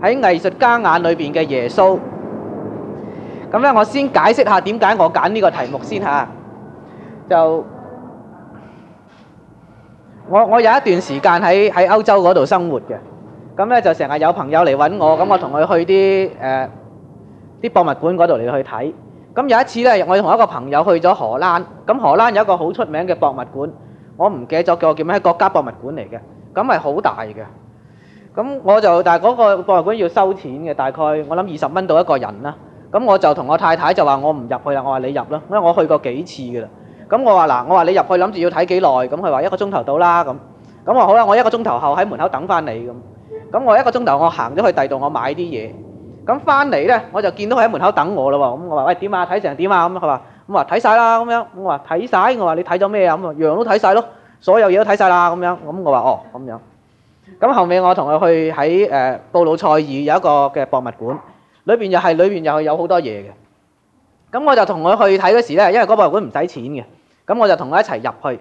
喺藝術家眼裏邊嘅耶穌，咁咧我先解釋下點解我揀呢個題目先嚇。就我我有一段時間喺喺歐洲嗰度生活嘅，咁咧就成日有朋友嚟揾我，咁我同佢去啲誒啲博物館嗰度嚟去睇。咁有一次咧，我同一個朋友去咗荷蘭，咁荷蘭有一個好出名嘅博物館，我唔記得咗叫我叫咩國家博物館嚟嘅，咁係好大嘅。咁我就但係嗰個博物館要收錢嘅，大概我諗二十蚊到一個人啦。咁我就同我太太就話我唔入去啦，我話你入啦，因為我去過幾次噶啦。咁我話嗱，我話你入去諗住要睇幾耐？咁佢話一個鐘頭到啦。咁我話好啦，我一個鐘頭後喺門口等翻你咁。咁我一個鐘頭我行咗去第二度，我買啲嘢。咁翻嚟咧，我就見到佢喺門口等我咯喎。咁我話喂點啊？睇成點啊？咁佢話咁話睇晒啦。咁樣咁我話睇晒。我話你睇咗咩啊？咁樣樣都睇晒咯，所有嘢都睇晒啦。咁樣咁我話哦咁樣。咁後尾我同佢去喺誒布魯塞爾有一個嘅博物館，裏邊又係裏邊又係有好多嘢嘅。咁我就同佢去睇嗰時咧，因為嗰博物館唔使錢嘅。咁我就同佢一齊入去，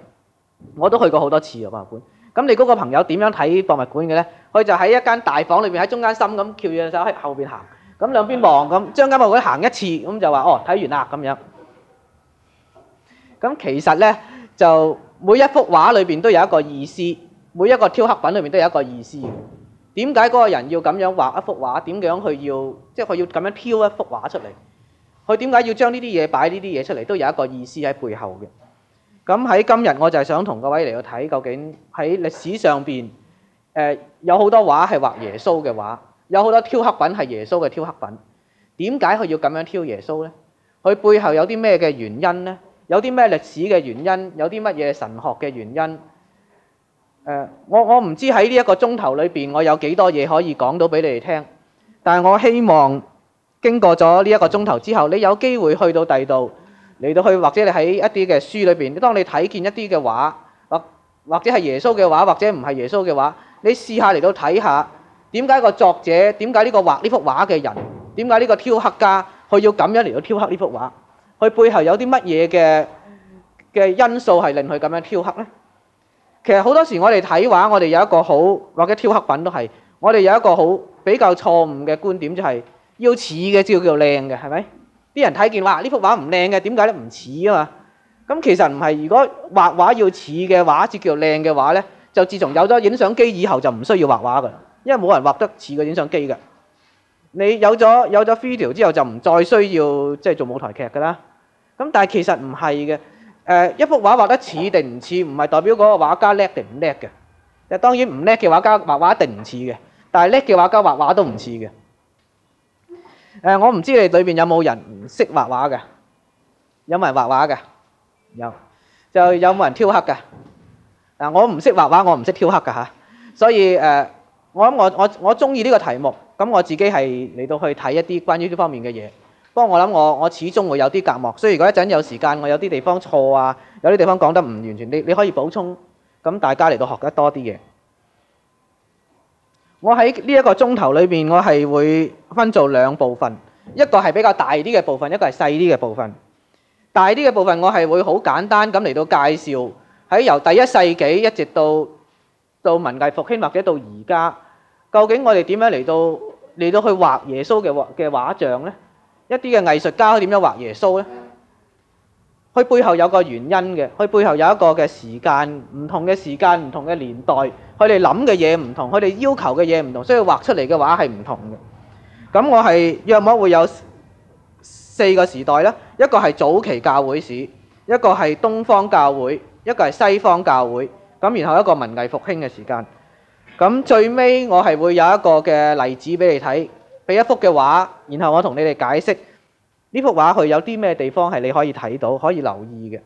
我都去過好多次博物館。咁你嗰個朋友點樣睇博物館嘅咧？佢就喺一間大房裏邊喺中間心咁，翹住隻手喺後邊行，咁兩邊望咁，將間博物館行一次，咁就話哦睇完啦咁樣。咁其實咧，就每一幅畫裏邊都有一個意思。每一個挑黑品裏面都有一個意思，點解嗰個人要咁樣畫一幅畫？點樣去要，即係佢要咁樣挑一幅畫出嚟？佢點解要將呢啲嘢擺呢啲嘢出嚟？都有一個意思喺背後嘅。咁喺今日，我就係想同各位嚟去睇，究竟喺歷史上邊，誒有好多畫係畫耶穌嘅畫，有好多挑黑品係耶穌嘅挑黑品。點解佢要咁樣挑耶穌呢？佢背後有啲咩嘅原因呢？有啲咩歷史嘅原因？有啲乜嘢神學嘅原因？誒，我我唔知喺呢一個鐘頭裏邊，我有幾多嘢可以講到俾你哋聽。但係我希望經過咗呢一個鐘頭之後，你有機會去到第二度嚟到去，或者你喺一啲嘅書裏邊，當你睇見一啲嘅畫，或或者係耶穌嘅畫，或者唔係耶穌嘅畫，你試下嚟到睇下，點解個作者，點解呢個畫呢幅畫嘅人，點解呢個雕刻家，佢要咁樣嚟到雕刻呢幅畫，佢背後有啲乜嘢嘅嘅因素係令佢咁樣雕刻呢？其實好多時我哋睇畫，我哋有一個好或者挑黑品都係，我哋有一個好比較錯誤嘅觀點，就是，就係要似嘅先叫靚嘅，係咪？啲人睇見話呢幅畫唔靚嘅，點解咧？唔似啊嘛。咁其實唔係，如果畫畫要似嘅畫至叫靚嘅話咧，就自從有咗影相機以後，就唔需要畫畫噶啦，因為冇人畫得似個影相機㗎。你有咗有咗 video 之後，就唔再需要即係、就是、做舞台劇噶啦。咁但係其實唔係嘅。誒一幅畫畫得似定唔似，唔係代表嗰個畫家叻定唔叻嘅。誒當然唔叻嘅畫家畫畫一定唔似嘅，但係叻嘅畫家畫畫都唔似嘅。誒我唔知你裏邊有冇人唔識畫畫㗎，有冇人畫畫㗎？有就有冇人挑黑㗎？嗱，我唔識畫畫，我唔識挑黑㗎吓。所以誒，我諗我我我中意呢個題目，咁我自己係嚟到去睇一啲關於呢方面嘅嘢。不過我諗，我我始終會有啲隔膜，所以如果一陣有時間，我有啲地方錯啊，有啲地方講得唔完全，啲，你可以補充，咁大家嚟到學得多啲嘢。我喺呢一個鐘頭裏邊，我係會分做兩部分，一個係比較大啲嘅部分，一個係細啲嘅部分。大啲嘅部分，我係會好簡單咁嚟到介紹，喺由第一世紀一直到到文藝復興或者到而家，究竟我哋點樣嚟到嚟到去畫耶穌嘅畫嘅畫像呢？一啲嘅藝術家點樣畫耶穌呢？佢背後有個原因嘅，佢背後有一個嘅時間，唔同嘅時間，唔同嘅年代，佢哋諗嘅嘢唔同，佢哋要求嘅嘢唔同，所以畫出嚟嘅畫係唔同嘅。咁我係約莫會有四個時代啦，一個係早期教會史，一個係東方教會，一個係西方教會，咁然後一個文藝復興嘅時間。咁最尾我係會有一個嘅例子俾你睇。俾一幅嘅畫，然後我同你哋解釋呢幅畫佢有啲咩地方係你可以睇到、可以留意嘅。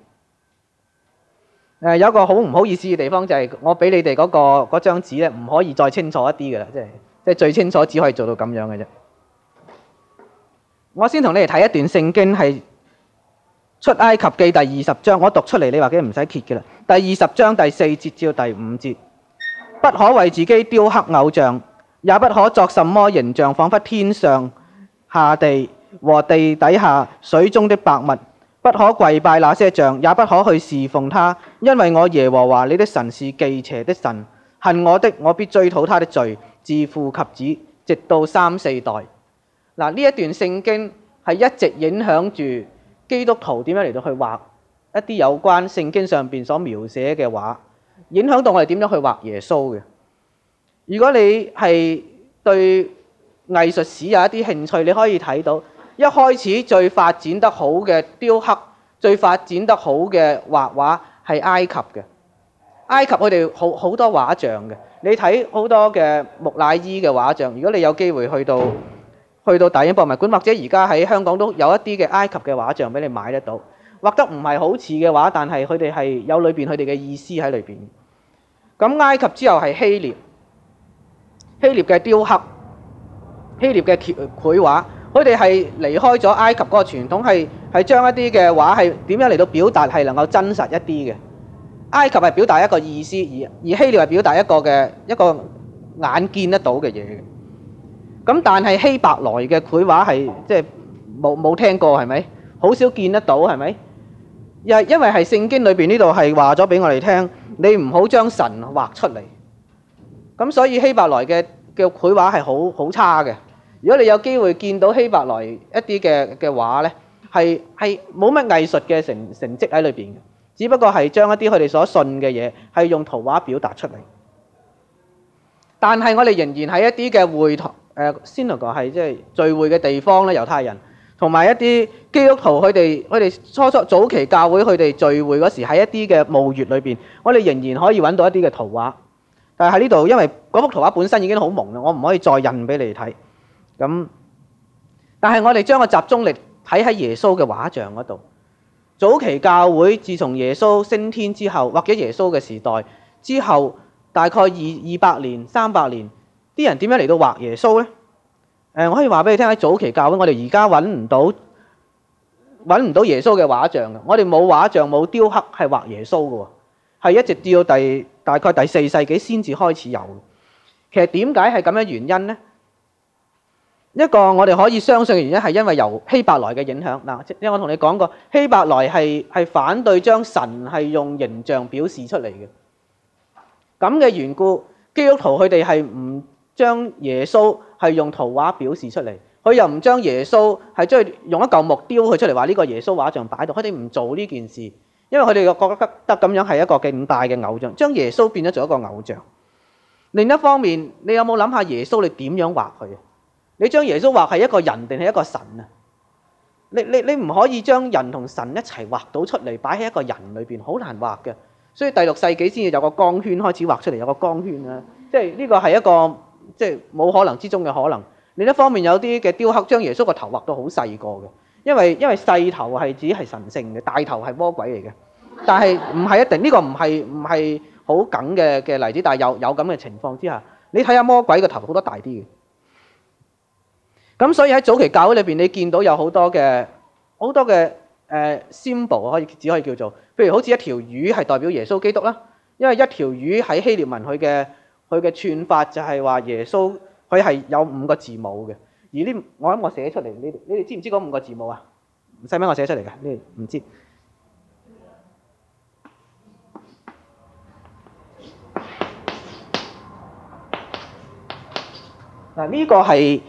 呃，有一個好唔好意思嘅地方就係、是、我俾你哋嗰、嗰個嗰張紙咧，唔可以再清楚一啲嘅啦，即係即係最清楚只可以做到咁樣嘅啫。我先同你哋睇一段聖經，係出埃及記第二十章，我讀出嚟，你話你唔使揭嘅啦。第二十章第四節至到第五節，不可為自己雕刻偶像。也不可作什麼形象，彷彿天上、下地和地底下水中的百物；不可跪拜那些像，也不可去侍奉它。因為我耶和華你的神是忌邪的神，恨我的，我必追討他的罪，自父及子，直到三四代。嗱，呢一段聖經係一直影響住基督徒點樣嚟到去畫一啲有關聖經上邊所描寫嘅畫，影響到我哋點樣去畫耶穌嘅。如果你係對藝術史有一啲興趣，你可以睇到一開始最發展得好嘅雕刻、最發展得好嘅畫畫係埃及嘅。埃及佢哋好好多畫像嘅，你睇好多嘅木乃伊嘅畫像。如果你有機會去到去到大英博物館，或者而家喺香港都有一啲嘅埃及嘅畫像俾你買得到，畫得唔係好似嘅話，但係佢哋係有裏邊佢哋嘅意思喺裏邊。咁埃及之後係希臘。希臘嘅雕刻、希臘嘅繪畫，佢哋係離開咗埃及嗰個傳統，係係將一啲嘅畫係點樣嚟到表達係能夠真實一啲嘅。埃及係表達一個意思，而而希臘係表達一個嘅一個眼見得到嘅嘢嘅。咁但係希伯來嘅繪畫係即係冇冇聽過係咪？好少見得到係咪？又因為係聖經裏邊呢度係話咗俾我哋聽，你唔好將神畫出嚟。咁所以希伯來嘅嘅繪畫係好好差嘅。如果你有機會見到希伯來一啲嘅嘅畫咧，係係冇乜藝術嘅成成績喺裏邊嘅。只不過係將一啲佢哋所信嘅嘢係用圖畫表達出嚟。但係我哋仍然喺一啲嘅會堂誒，先嚟講係即係聚會嘅地方咧，猶太人同埋一啲基督徒他們，佢哋佢哋初初早期教會佢哋聚會嗰時喺一啲嘅墓穴裏邊，我哋仍然可以揾到一啲嘅圖畫。但係呢度，因為嗰幅圖畫本身已經好朦啦，我唔可以再印俾你睇。咁，但係我哋將個集中力睇喺耶穌嘅畫像嗰度。早期教會自從耶穌升天之後，或者耶穌嘅時代之後，大概二二百年、三百年，啲人點樣嚟到畫耶穌呢？誒，我可以話俾你聽，喺早期教會，我哋而家揾唔到揾唔到耶穌嘅畫像嘅，我哋冇畫像、冇雕刻係畫耶穌嘅喎，係一直跌到第。大概第四世紀先至開始有，其實點解係咁樣原因呢？一個我哋可以相信嘅原因係因為由希伯來嘅影響嗱，因為我同你講過希伯來係係反對將神係用形象表示出嚟嘅，咁嘅緣故，基督徒佢哋係唔將耶穌係用圖畫表示出嚟，佢又唔將耶穌係將用一嚿木雕佢出嚟，話呢個係耶穌畫像擺到，佢哋唔做呢件事。因為佢哋又覺得得咁樣係一個咁大嘅偶像，將耶穌變咗做一個偶像。另一方面，你有冇諗下耶穌你點樣畫佢？你將耶穌畫係一個人定係一個神啊？你你你唔可以將人同神一齊畫到出嚟，擺喺一個人裏邊，好難畫嘅。所以第六世紀先至有個光圈開始畫出嚟，有個光圈啊。即係呢、呢個係一個即係冇可能之中嘅可能。另一方面，有啲嘅雕刻將耶穌個頭畫到好細個嘅。因為因為細頭係指係神聖嘅，大頭係魔鬼嚟嘅。但係唔係一定呢、這個唔係唔係好梗嘅嘅例子。但係有有咁嘅情況之下，你睇下魔鬼個頭好多大啲嘅。咁所以喺早期教會裏邊，你見到有好多嘅好多嘅誒、呃、symbol 可以只可以叫做。譬如好似一條魚係代表耶穌基督啦。因為一條魚喺希臘文佢嘅佢嘅串法就係話耶穌佢係有五個字母嘅。而呢，我諗我寫出嚟，你你哋知唔知嗰五個字母啊？使咩我寫出嚟嘅，你哋唔知。嗱，呢個係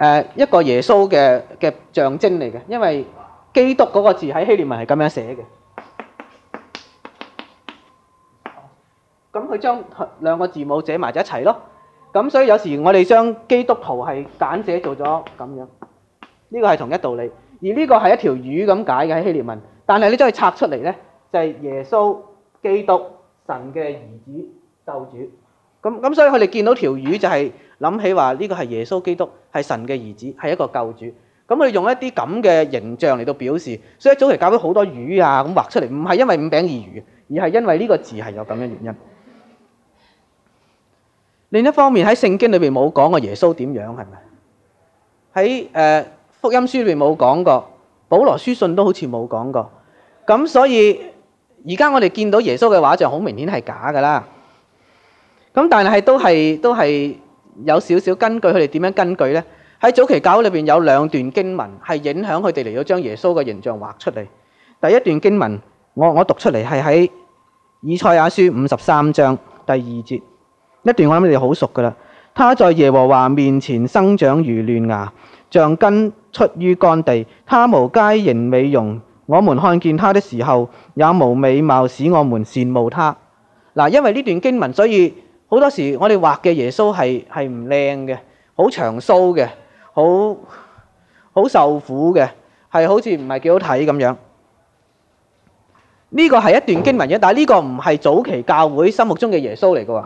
誒一個耶穌嘅嘅象徵嚟嘅，因為基督嗰個字喺希臘文係咁樣寫嘅。咁佢將兩個字母寫埋咗一齊咯。咁所以有時我哋將基督徒係簡寫做咗咁樣，呢個係同一道理。而呢個係一條魚咁解嘅，喺希臘文，但係你將佢拆出嚟咧，就係耶穌基督神嘅兒子救主。咁咁所以佢哋見到條魚就係諗起話呢個係耶穌基督係神嘅兒子，係一個救主。咁佢用一啲咁嘅形象嚟到表示，所以早期教會好多魚啊咁畫出嚟，唔係因為五餅二魚，而係因為呢個字係有咁嘅原因。另一方面喺聖經裏邊冇講過耶穌點樣係咪？喺誒福音書裏邊冇講過，保羅書信都好似冇講過。咁所以而家我哋見到耶穌嘅畫像好明顯係假噶啦。咁但係都係都係有少少根據，佢哋點樣根據咧？喺早期教裏邊有兩段經文係影響佢哋嚟咗將耶穌嘅形象畫出嚟。第一段經文，我我讀出嚟係喺以賽亞書五十三章第二節。一段我諗你哋好熟噶啦，他在耶和華面前生長如嫩芽，像根出於乾地，他無佳形美容。我們看見他的時候，也無美貌使我們羨慕他。嗱，因為呢段經文，所以好多時我哋畫嘅耶穌係係唔靚嘅，好長鬚嘅，好好受苦嘅，係好似唔係幾好睇咁樣。呢個係一段經文嘅，但係呢個唔係早期教會心目中嘅耶穌嚟嘅。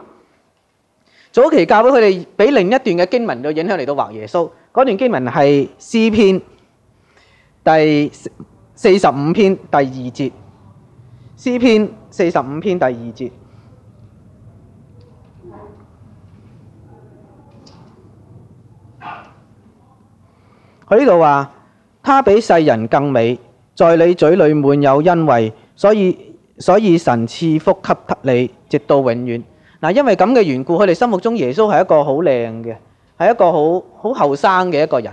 早期教會佢哋俾另一段嘅經文嘅影響嚟到畫耶穌，嗰段經文係詩篇第四十五篇第二節，詩篇四十五篇第二節，佢呢度話：他比世人更美，在你嘴裏滿有恩惠，所以所以神賜福給給你，直到永遠。嗱，因為咁嘅緣故，佢哋心目中耶穌係一個好靚嘅，係一個好好後生嘅一個人。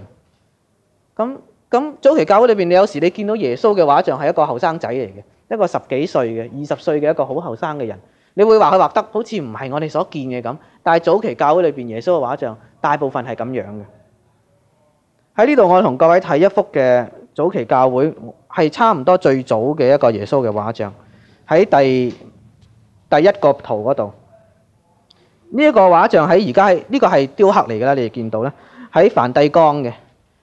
咁咁早期教會裏邊，你有時你見到耶穌嘅畫像係一個後生仔嚟嘅，一個十幾歲嘅、二十歲嘅一個好後生嘅人，你會話佢畫得好似唔係我哋所見嘅咁。但係早期教會裏邊耶穌嘅畫像大部分係咁樣嘅。喺呢度，我同各位睇一幅嘅早期教會係差唔多最早嘅一個耶穌嘅畫像，喺第第一個圖嗰度。呢一個畫像喺而家呢個係雕刻嚟㗎啦，你哋見到啦，喺梵蒂岡嘅，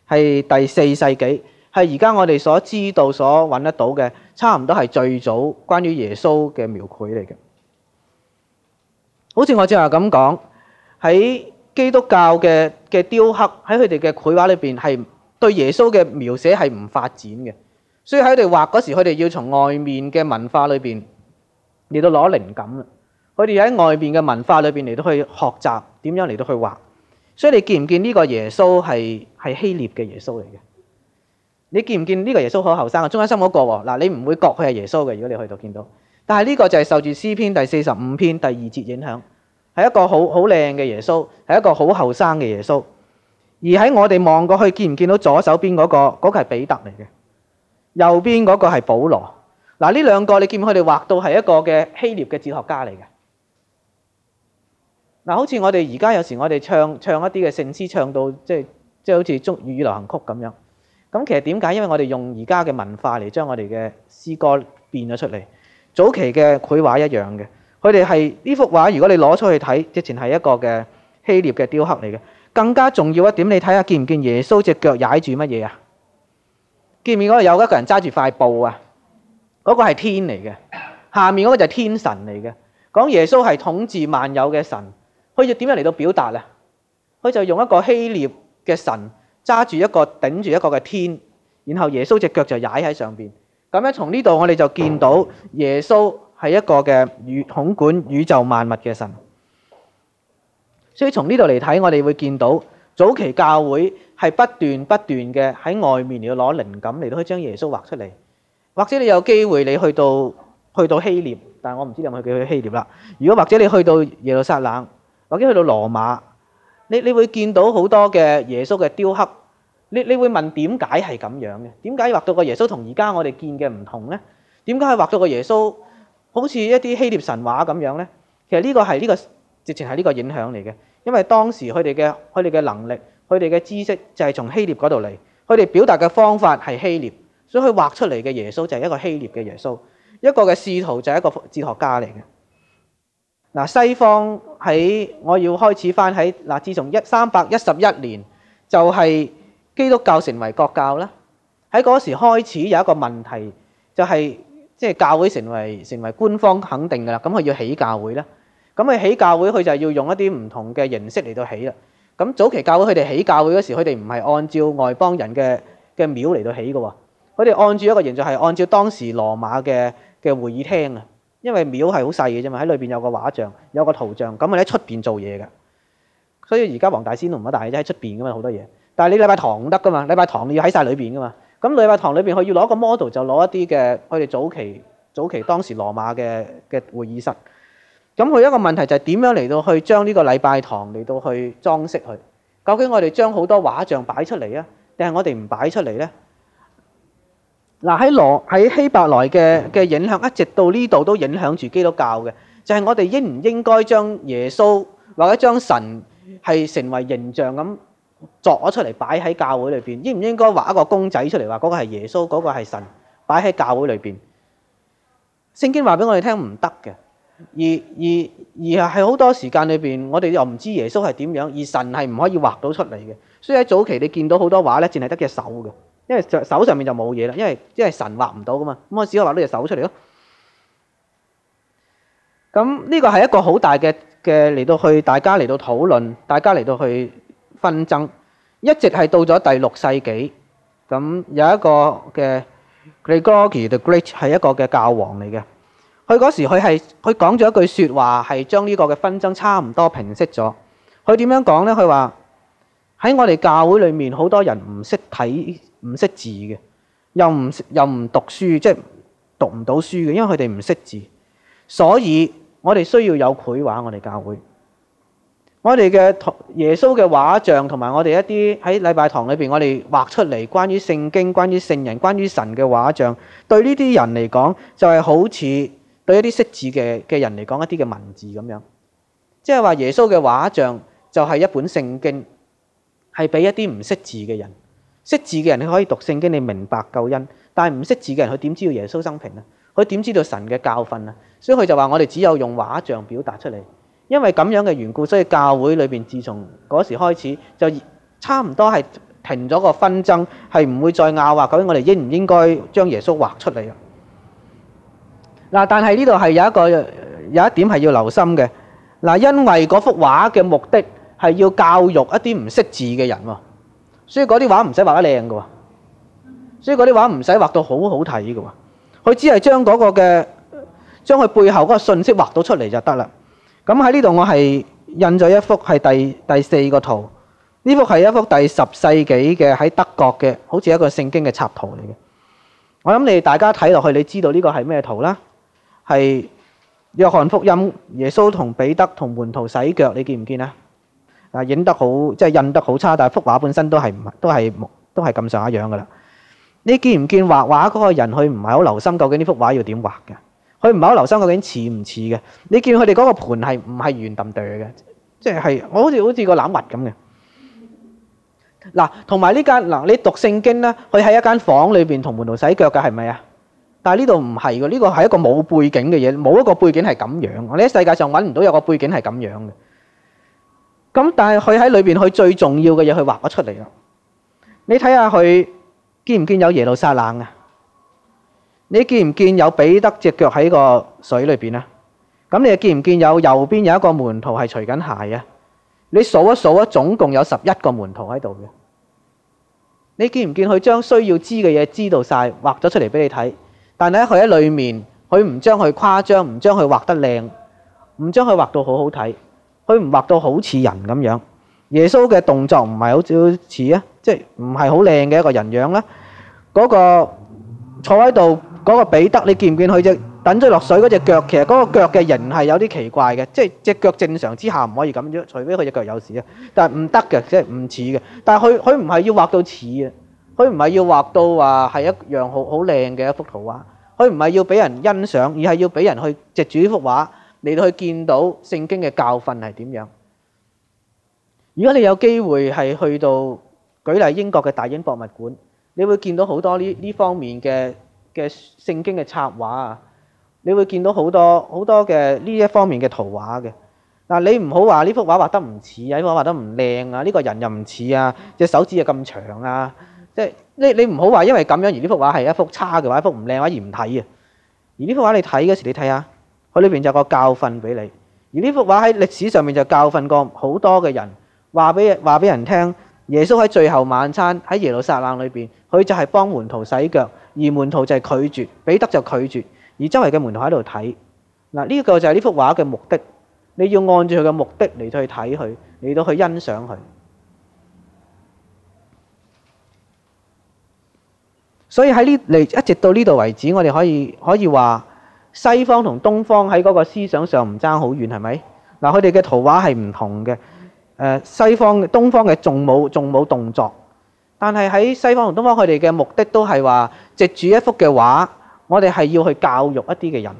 係第四世紀，係而家我哋所知道、所揾得到嘅，差唔多係最早關於耶穌嘅描繪嚟嘅。好似我正話咁講，喺基督教嘅嘅雕刻喺佢哋嘅繪畫裏邊，係對耶穌嘅描寫係唔發展嘅，所以喺佢哋畫嗰時，佢哋要從外面嘅文化裏邊嚟到攞靈感。佢哋喺外邊嘅文化裏邊嚟到去學習點樣嚟到去畫，所以你見唔見呢個耶穌係係希臘嘅耶穌嚟嘅？你見唔見呢個耶穌好後生啊？中間心嗰個喎，嗱，你唔會覺佢係耶穌嘅，如果你去到見到，但係呢個就係受住詩篇第四十五篇第二節影響，係一個好好靚嘅耶穌，係一個好後生嘅耶穌。而喺我哋望過去，見唔見到左手邊嗰個嗰個係彼得嚟嘅，右邊嗰個係保羅。嗱，呢兩個你見唔見佢哋畫到係一個嘅希臘嘅哲學家嚟嘅？嗱，好似我哋而家有時我哋唱唱一啲嘅聖詩，唱到即係即係好似中粵語流行曲咁樣。咁其實點解？因為我哋用而家嘅文化嚟將我哋嘅詩歌變咗出嚟，早期嘅繪畫一樣嘅。佢哋係呢幅畫，如果你攞出去睇，直情係一個嘅希臘嘅雕刻嚟嘅。更加重要一點，你睇下見唔見耶穌隻腳踩住乜嘢啊？見唔見嗰度有一個人揸住塊布啊？嗰、嗰個係天嚟嘅，下面嗰個就係天神嚟嘅，講耶穌係統治萬有嘅神。佢要點樣嚟到表達呢？佢就用一個希臘嘅神揸住一個頂住一個嘅天，然後耶穌隻腳就踩喺上邊。咁樣，從呢度我哋就見到耶穌係一個嘅宇統管宇宙萬物嘅神。所以從呢度嚟睇，我哋會見到早期教會係不斷不斷嘅喺外面嚟攞靈感嚟到可以將耶穌畫出嚟。或者你有機會你去到去到希臘，但係我唔知你有冇去到希臘啦。如果或者你去到耶路撒冷。或者去到羅馬，你你會見到好多嘅耶穌嘅雕刻。你你會問點解係咁樣嘅？點解畫到個耶穌同而家我哋見嘅唔同咧？點解係畫到個耶穌好似一啲希臘神話咁樣咧？其實呢個係呢個，直情係呢個影響嚟嘅。因為當時佢哋嘅佢哋嘅能力、佢哋嘅知識就係從希臘嗰度嚟，佢哋表達嘅方法係希臘，所以佢畫出嚟嘅耶穌就係一個希臘嘅耶穌，一個嘅仕途就係一個哲學家嚟嘅。嗱，西方喺我要開始翻喺嗱，自從一三百一十一年就係基督教成為國教啦。喺嗰時開始有一個問題，就係即係教會成為成為官方肯定噶啦。咁佢要起教會啦，咁佢起教會佢就係要用一啲唔同嘅形式嚟到起啦。咁早期教會佢哋起教會嗰時，佢哋唔係按照外邦人嘅嘅廟嚟到起噶喎，佢哋按照一個形象係按照當時羅馬嘅嘅會議廳啊。因為廟係好細嘅啫嘛，喺裏邊有個畫像，有個圖像，咁佢喺出邊做嘢噶。所以而家黃大仙都唔係大嘅啫，喺出邊噶嘛，好多嘢。但係你禮拜堂唔得噶嘛？禮拜堂你要喺晒裏邊噶嘛？咁禮拜堂裏邊佢要攞個 model，就攞一啲嘅佢哋早期早期當時羅馬嘅嘅會議室。咁佢一個問題就係點樣嚟到去將呢個禮拜堂嚟到去裝飾佢？究竟我哋將好多畫像擺出嚟啊？定係我哋唔擺出嚟咧？嗱，喺羅喺希伯來嘅嘅影響，一直到呢度都影響住基督教嘅，就係我哋應唔應該將耶穌或者將神係成為形象咁作咗出嚟擺喺教會裏邊？應唔應該畫一個公仔出嚟話嗰個係耶穌，嗰個係神擺喺教會裏邊？聖經話俾我哋聽唔得嘅，而而而係好多時間裏邊，我哋又唔知耶穌係點樣，而神係唔可以畫到出嚟嘅，所以喺早期你見到好多畫咧，淨係得隻手嘅。因為手上面就冇嘢啦，因為因為神畫唔到㗎嘛，咁我只可以畫到隻手出嚟咯。咁呢個係一個好大嘅嘅嚟到去，大家嚟到討論，大家嚟到去紛爭，一直係到咗第六世紀。咁有一個嘅 Gregory the Great 係一個嘅教皇嚟嘅。佢嗰時佢係佢講咗一句説話，係將呢個嘅紛爭差唔多平息咗。佢點樣講呢？佢話喺我哋教會裏面，好多人唔識睇。唔識字嘅，又唔又唔讀書，即係讀唔到書嘅，因為佢哋唔識字。所以，我哋需要有繪畫我哋教會，我哋嘅耶穌嘅畫像，同埋我哋一啲喺禮拜堂裏邊我哋畫出嚟關於聖經、關於聖人、關於神嘅畫像，對呢啲人嚟講，就係好似對一啲識字嘅嘅人嚟講一啲嘅文字咁樣。即係話耶穌嘅畫像就係一本聖經，係俾一啲唔識字嘅人。識字嘅人你可以讀聖經，你明白救恩；但係唔識字嘅人，佢點知道耶穌生平啊？佢點知道神嘅教訓啊？所以佢就話：我哋只有用畫像表達出嚟。因為咁樣嘅緣故，所以教會裏邊自從嗰時開始，就差唔多係停咗個紛爭，係唔會再拗話究竟我哋應唔應該將耶穌畫出嚟啊？嗱，但係呢度係有一個有一點係要留心嘅。嗱，因為嗰幅畫嘅目的係要教育一啲唔識字嘅人喎。所以嗰啲畫唔使畫得靚㗎喎，所以嗰啲畫唔使畫到好好睇㗎喎，佢只係將嗰個嘅，將佢背後嗰個信息畫到出嚟就得啦。咁喺呢度我係印咗一幅係第第四個圖，呢幅係一幅第十世紀嘅喺德國嘅，好似一個聖經嘅插圖嚟嘅。我諗你大家睇落去，你知道這個是什麼，呢個係咩圖啦？係約翰福音耶穌同彼得同門徒洗腳，你見唔見啊？啊！影得好，即係印得好差，但係幅畫本身都係唔係，都係都係咁上下樣噶啦。你見唔見畫畫嗰個人？佢唔係好留心，究竟呢幅畫要點畫嘅？佢唔係好留心，究竟似唔似嘅？你見佢哋嗰個盤係唔係圓揼揼嘅？即係我好似好似個欖核咁嘅。嗱，同埋呢間嗱，你讀聖經啦，佢喺一間房裏邊同門徒洗腳嘅係咪啊？但係呢度唔係噶，呢個係一個冇背景嘅嘢，冇一個背景係咁樣。我喺世界上揾唔到有個背景係咁樣嘅。咁但係佢喺裏邊，佢最重要嘅嘢，佢畫咗出嚟咯。你睇下佢見唔見有耶路撒冷啊？你見唔見有彼得隻腳喺個水裏邊啊？咁你又見唔見有右邊有一個門徒係除緊鞋啊？你數一數一，總共有十一個門徒喺度嘅。你見唔見佢將需要知嘅嘢知道晒畫咗出嚟俾你睇？但係佢喺裏面，佢唔將佢誇張，唔將佢畫得靚，唔將佢畫到好好睇。佢唔畫到好似人咁樣，耶穌嘅動作唔係好似好似啊，即係唔係好靚嘅一個人樣啦。嗰個坐喺度嗰個彼得，你見唔見佢隻等咗落水嗰隻腳？其實嗰個腳嘅形係有啲奇怪嘅，即係隻腳正常之下唔可以咁樣，除非佢隻腳有事啊。但係唔得嘅，即係唔似嘅。但係佢佢唔係要畫到似啊，佢唔係要畫到話係一樣好好靚嘅一幅圖畫，佢唔係要俾人欣賞，而係要俾人去藉住呢幅畫。你都可以見到聖經嘅教訓係點樣。如果你有機會係去到舉例英國嘅大英博物館，你會見到好多呢呢方面嘅嘅聖經嘅插畫啊，你會見到好多好多嘅呢一方面嘅圖畫嘅。嗱，你唔好話呢幅畫畫得唔似啊，呢幅畫得唔靚啊，呢、這個人又唔似啊，隻手指又咁長啊，即係你你唔好話因為咁樣而呢幅畫係一幅差嘅畫，一幅唔靚嘅畫而唔睇啊。而呢幅畫你睇嗰時，你睇下。佢呢邊就有個教訓俾你，而呢幅畫喺歷史上面就教訓過好多嘅人，話俾話俾人聽。耶穌喺最後晚餐喺耶路撒冷裏邊，佢就係幫門徒洗腳，而門徒就係拒絕，彼得就拒絕，而周圍嘅門徒喺度睇。嗱，呢個就係呢幅畫嘅目的，你要按住佢嘅目的嚟去睇佢，嚟到去欣賞佢。所以喺呢嚟一直到呢度為止，我哋可以可以話。西方同東方喺嗰個思想上唔爭好遠，係咪？嗱，佢哋嘅圖畫係唔同嘅。誒，西方嘅、東方嘅仲冇、仲冇動作。但係喺西方同東方，佢哋嘅目的都係話，藉住一幅嘅畫，我哋係要去教育一啲嘅人。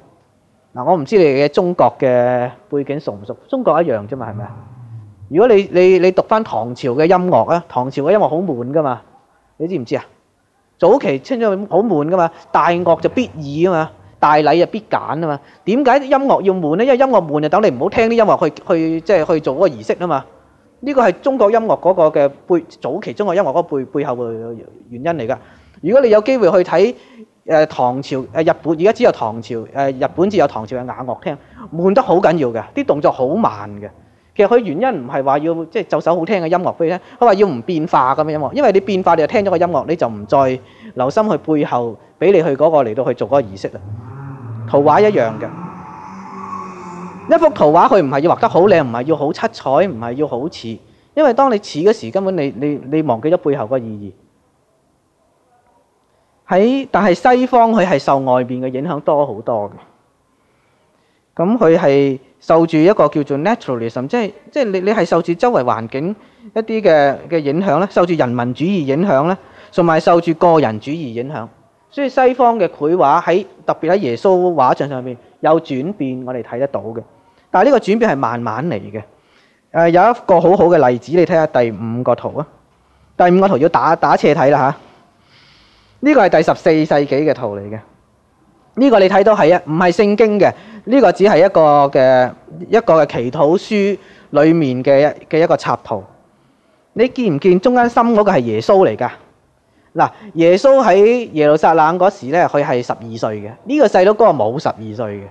嗱，我唔知你哋嘅中國嘅背景熟唔熟？中國一樣啫嘛，係咪啊？如果你你你讀翻唐朝嘅音樂啊，唐朝嘅音樂好悶噶嘛，你知唔知啊？早期清咗好悶噶嘛，大樂就必異啊嘛。大禮啊必揀啊嘛，點解音樂要悶咧？因為音樂悶就等你唔好聽啲音樂去去即係去做嗰個儀式啊嘛。呢個係中國音樂嗰個嘅背早期中國音樂嗰個背背後嘅原因嚟㗎。如果你有機會去睇誒、呃、唐朝誒日本，而家只有唐朝誒、呃、日本先有唐朝嘅雅樂聽，悶得好緊要㗎，啲動作好慢嘅。其實佢原因唔係話要即係就首、是、好聽嘅音樂俾你聽，佢話要唔變化嘅音樂，因為你變化你就聽咗個音樂你就唔再留心去背後俾你去嗰、嗰個嚟到去做嗰個儀式啦。圖畫一樣嘅一幅圖畫，佢唔係要畫得好靚，唔係要好七彩，唔係要好似。因為當你似嘅時候，根本你你你忘記咗背後個意義。喺但係西方佢係受外邊嘅影響多好多嘅。咁佢係受住一個叫做 naturalism，即係即係你你係受住周圍環境一啲嘅嘅影響咧，受住人民主義影響咧，同埋受住個人主義影響。所以西方嘅繪畫喺特別喺耶穌畫像上面有轉變，我哋睇得到嘅。但係呢個轉變係慢慢嚟嘅。有一個很好好嘅例子，你睇下第五個圖啊！第五個圖要打打斜睇啦嚇。呢個係第十四世紀嘅圖嚟嘅。呢、這個你睇到係一唔係聖經嘅？呢、這個只係一個嘅一個嘅祈禱書裏面的嘅一個插圖。你見唔見中間深嗰個係耶穌嚟㗎？嗱，耶穌喺耶路撒冷嗰時咧，佢係十二歲嘅。呢個細佬哥冇十二歲嘅。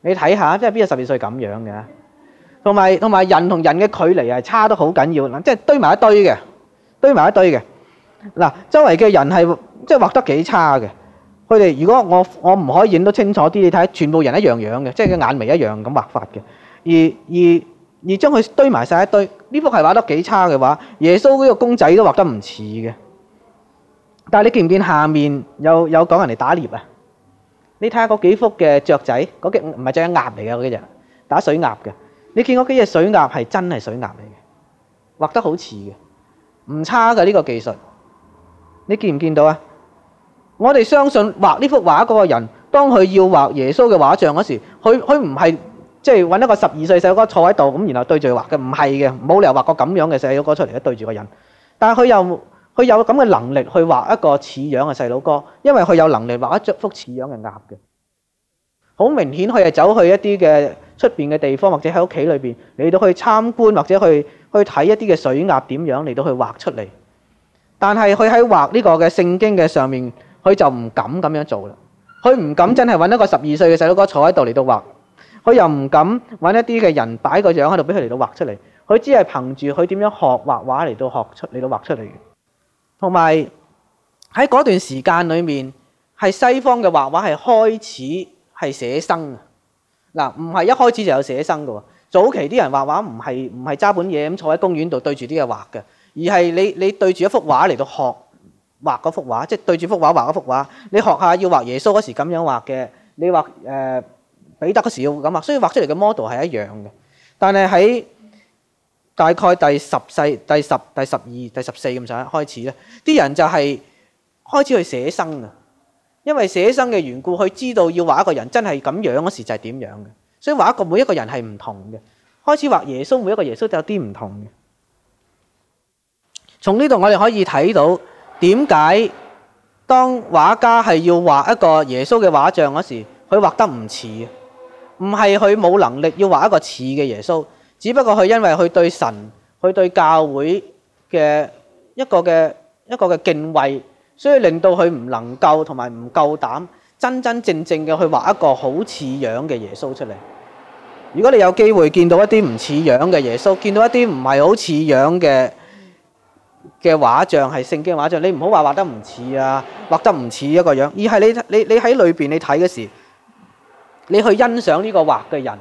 你睇下，即係邊有十二歲咁樣嘅？同埋同埋人同人嘅距離係，差得好緊要。即係堆埋一堆嘅，堆埋一堆嘅。嗱，周圍嘅人係即係畫得幾差嘅。佢哋如果我我唔可以影得清楚啲，你睇全部人一樣樣嘅，即係佢眼眉一樣咁畫法嘅。而而而將佢堆埋晒一堆，呢幅係畫得幾差嘅話，耶穌嗰個公仔都畫得唔似嘅。但係你見唔見下面有有講人哋打獵啊？你睇下嗰幾幅嘅雀仔，嗰幾唔係隻鴨嚟嘅，嗰啲人打水鴨嘅。你見嗰幾隻水鴨係真係水鴨嚟嘅，畫得好似嘅，唔差嘅呢個技術。你見唔見到啊？我哋相信畫呢幅畫嗰個人，當佢要畫耶穌嘅畫像嗰時，佢佢唔係即係搵一個十二歲細佬哥坐喺度咁，然後對住佢畫嘅，唔係嘅，冇理由畫過咁樣嘅細佬哥出嚟咧對住個人，但係佢又。佢有咁嘅能力去畫一個似樣嘅細佬哥，因為佢有能力畫一幅似樣嘅鴨嘅。好明顯，佢係走去一啲嘅出邊嘅地方，或者喺屋企裏邊嚟到去參觀，或者去去睇一啲嘅水鴨點樣嚟到去畫出嚟。但係佢喺畫呢個嘅聖經嘅上面，佢就唔敢咁樣做啦。佢唔敢真係揾一個十二歲嘅細佬哥坐喺度嚟到畫，佢又唔敢揾一啲嘅人擺個樣喺度俾佢嚟到畫出嚟。佢只係憑住佢點樣學畫畫嚟到學出嚟到畫出嚟嘅。同埋喺嗰段時間裏面，係西方嘅畫畫係開始係寫生啊！嗱，唔係一開始就有寫生㗎喎。早期啲人畫畫唔係，唔係揸本嘢咁坐喺公園度對住啲嘢畫嘅，而係你你對住一幅畫嚟到學畫嗰幅畫，即係對住幅畫畫嗰幅畫。你學下要畫耶穌嗰時咁樣畫嘅，你畫誒彼得嗰時要咁畫，所以畫出嚟嘅 model 係一樣嘅。但係喺大概第十世、第十、第十二、第十四咁上下開始啦，啲人就係開始去寫生啊，因為寫生嘅緣故，佢知道要畫一個人真係咁樣嗰時就係點樣嘅，所以畫一個每一個人係唔同嘅，開始畫耶穌每一個耶穌都有啲唔同嘅。從呢度我哋可以睇到點解當畫家係要畫一個耶穌嘅畫像嗰時，佢畫得唔似，唔係佢冇能力要畫一個似嘅耶穌。只不過佢因為佢對神、佢對教會嘅一個嘅一個嘅敬畏，所以令到佢唔能夠同埋唔夠膽真真正正嘅去畫一個好似樣嘅耶穌出嚟。如果你有機會見到一啲唔似樣嘅耶穌，見到一啲唔係好似樣嘅嘅畫像係聖經畫像，你唔好話畫得唔似啊，畫得唔似一個樣，而係你在裡面你你喺裏邊你睇嘅時，你去欣賞呢個畫嘅人。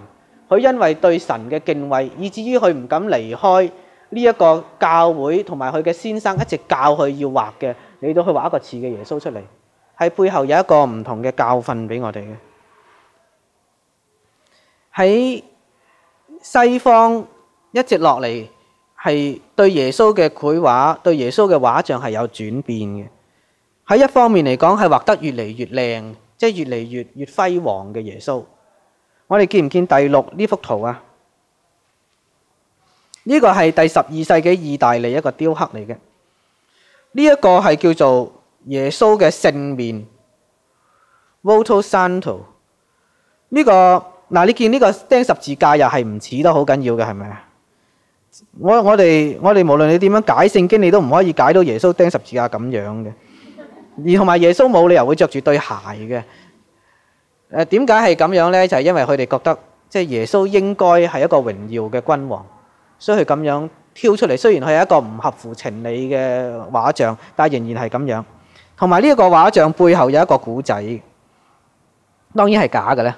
佢因為對神嘅敬畏，以至於佢唔敢離開呢一個教會，同埋佢嘅先生一直教佢要畫嘅，你都去畫一個似嘅耶穌出嚟，係背後有一個唔同嘅教訓俾我哋嘅。喺西方一直落嚟，係對耶穌嘅繪畫、對耶穌嘅畫像係有轉變嘅。喺一方面嚟講，係畫得越嚟越靚，即係越嚟越越輝煌嘅耶穌。我哋見唔見第六呢幅圖啊呢個係第十二世紀意大利一個雕刻嚟嘅，呢一個係叫做耶穌嘅聖面。Voto Santo。呢個嗱，你見呢個釘十字架又係唔似得好緊要嘅，係咪啊？我我哋我哋無論你點樣解聖經，你都唔可以解到耶穌釘十字架咁樣嘅，而同埋耶穌冇理由會着住對鞋嘅。誒，點解係咁樣咧？就係因為佢哋覺得，即係耶穌應該係一個榮耀嘅君王，所以佢咁樣挑出嚟。雖然佢係一個唔合乎情理嘅畫像，但係仍然係咁樣。同埋呢一個畫像背後有一個古仔，當然係假嘅咧。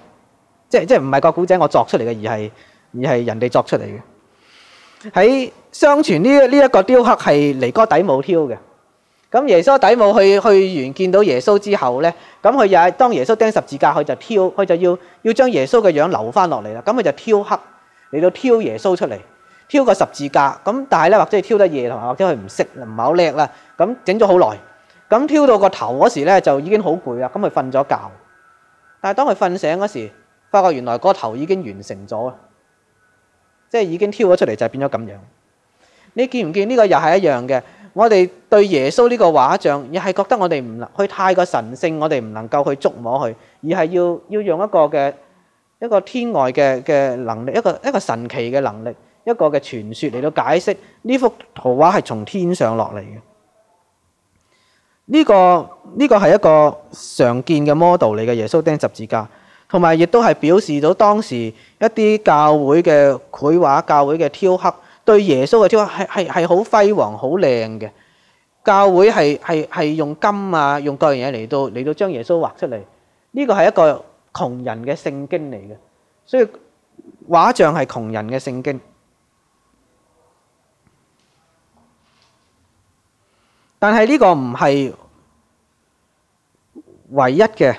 即係即係唔係個古仔我作出嚟嘅，而係而係人哋作出嚟嘅。喺相傳呢，呢一個雕刻係尼哥底母挑嘅。咁耶穌底墓去去完見到耶穌之後咧，咁佢又係當耶穌釘十字架，佢就挑，佢就要要將耶穌嘅樣留翻落嚟啦。咁佢就挑黑嚟到挑耶穌出嚟，挑個十字架。咁但係咧，或者佢挑得夜同埋，或者佢唔識，唔係好叻啦。咁整咗好耐，咁挑到個頭嗰時咧，就已經好攰啦。咁佢瞓咗覺，但係當佢瞓醒嗰時，發覺原來個頭已經完成咗啊！即係已經挑咗出嚟，就係變咗咁樣。你見唔見呢個又係一樣嘅？我哋對耶穌呢個畫像，亦係覺得我哋唔能去太過神性，我哋唔能夠去觸摸佢，而係要要用一個嘅一個天外嘅嘅能力，一個一個神奇嘅能力，一個嘅傳説嚟到解釋呢幅圖畫係從天上落嚟嘅。呢、這個呢、這個係一個常見嘅 model 嚟嘅耶穌釘十字架，同埋亦都係表示到當時一啲教會嘅繪畫、教會嘅雕刻。對耶穌嘅雕刻係係係好輝煌、好靚嘅，教會係係係用金啊、用各樣嘢嚟到嚟到將耶穌畫出嚟。呢個係一個窮人嘅聖經嚟嘅，所以畫像係窮人嘅聖經。但係呢個唔係唯一嘅。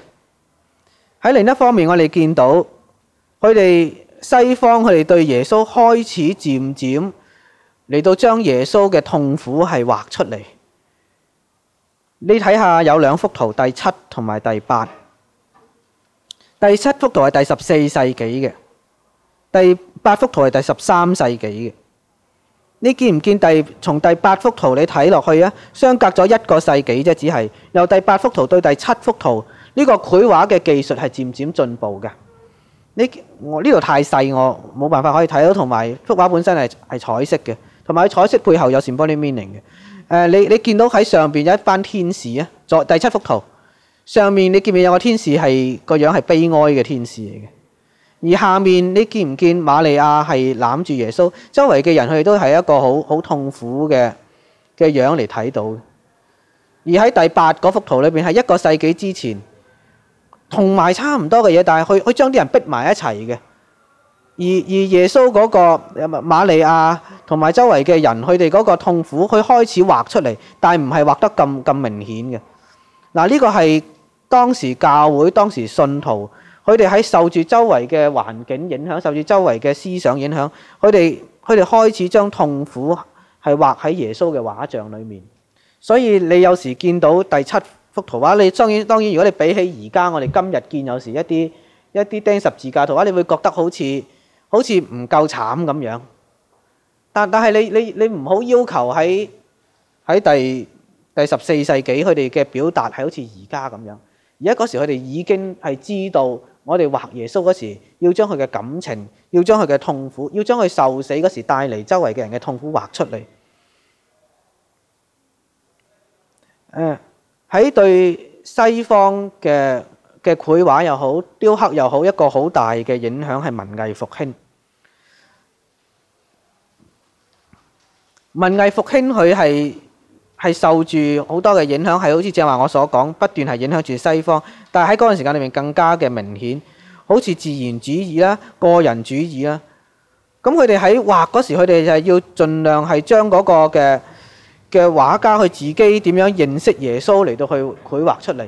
喺另一方面，我哋見到佢哋。西方佢哋對耶穌開始漸漸嚟到，將耶穌嘅痛苦係畫出嚟。你睇下有兩幅圖，第七同埋第八。第七幅圖係第十四世紀嘅，第八幅圖係第十三世紀嘅。你見唔見第？從第八幅圖你睇落去啊，相隔咗一個世紀啫，只係由第八幅圖對第七幅圖呢個繪畫嘅技術係漸漸進步嘅。你呢度太細，我冇辦法可以睇到。同埋幅畫本身係係彩色嘅，同埋彩色背後有潛在啲 meaning 嘅。誒、呃，你你見到喺上邊有一班天使啊？第七幅圖上面，你見唔見有個天使係個樣係悲哀嘅天使嚟嘅？而下面你見唔見瑪利亞係攬住耶穌，周圍嘅人佢哋都係一個好好痛苦嘅嘅樣嚟睇到。而喺第八嗰幅圖裏邊係一個世紀之前。同埋差唔多嘅嘢，但係佢佢將啲人逼埋一齊嘅。而而耶穌嗰個有嘛瑪利亞同埋周圍嘅人，佢哋嗰個痛苦，佢開始畫出嚟，但係唔係畫得咁咁明顯嘅。嗱、這、呢個係當時教會當時信徒，佢哋喺受住周圍嘅環境影響，受住周圍嘅思想影響，佢哋佢哋開始將痛苦係畫喺耶穌嘅畫像裏面。所以你有時見到第七。幅圖畫你當然當然，如果你比起而家我哋今日見有時一啲一啲釘十字架圖畫，你會覺得好似好似唔夠慘咁樣。但但係你你你唔好要，要求喺喺第第十四世紀佢哋嘅表達係好似而家咁樣。而家嗰時佢哋已經係知道我哋畫耶穌嗰時要將佢嘅感情、要將佢嘅痛苦、要將佢受死嗰時帶嚟周圍嘅人嘅痛苦畫出嚟。誒、嗯。喺對西方嘅嘅繪畫又好、雕刻又好，一個好大嘅影響係文藝復興。文藝復興佢係係受住好多嘅影響，係好似正話我所講，不斷係影響住西方。但係喺嗰陣時間裏面更加嘅明顯，好似自然主義啦、個人主義啦。咁佢哋喺畫嗰時，佢哋就係要盡量係將嗰個嘅嘅畫家佢自己點樣認識耶穌嚟到去繪畫出嚟